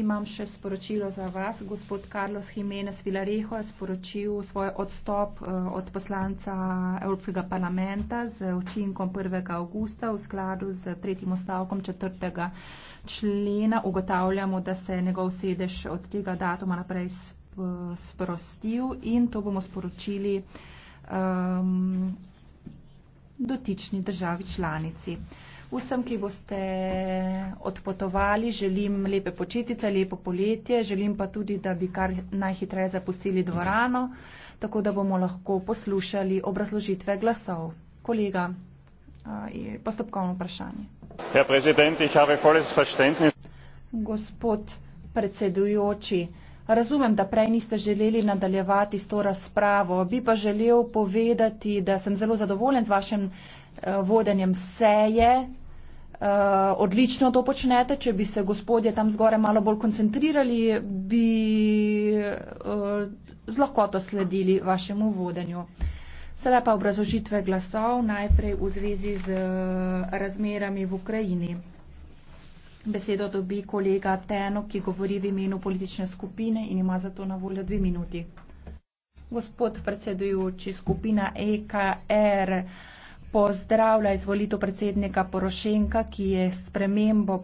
Imam še sporočilo za vas. Gospod Carlos Jimenez Vilarejo je sporočil svoj odstop eh, od poslanca Evropskega parlamenta z učinkom 1. augusta v skladu z tretjim ostavkom 4. člena. Ugotavljamo, da se je njegov sedež od tega datuma naprej sprostil in to bomo sporočili um, dotični državi članici. Vsem, ki boste odpotovali, želim lepe počitice, lepo poletje, želim pa tudi, da bi kar najhitreje zapustili dvorano, tako da bomo lahko poslušali obrazložitve glasov. Kolega, postopkovno vprašanje. Gospod predsedujoči, razumem, da prej niste želeli nadaljevati s to razpravo, bi pa želel povedati, da sem zelo zadovoljen z vašim eh, vodenjem seje, Eh, odlično to počnete. Če bi se gospodje tam zgore malo bolj koncentrirali, bi eh, z lahkoto sledili vašemu vodenju. Sedaj pa obrazožitve glasov najprej v zvezi z eh, razmerami v Ukrajini. Besedo dobi kolega Teno, ki govori v imenu politične skupine in ima zato na voljo dve minuti. Gospod predsedujoči, skupina EKR. Uh, pozdravlja izvolitev predsednika Porošenka, ki je spremembo.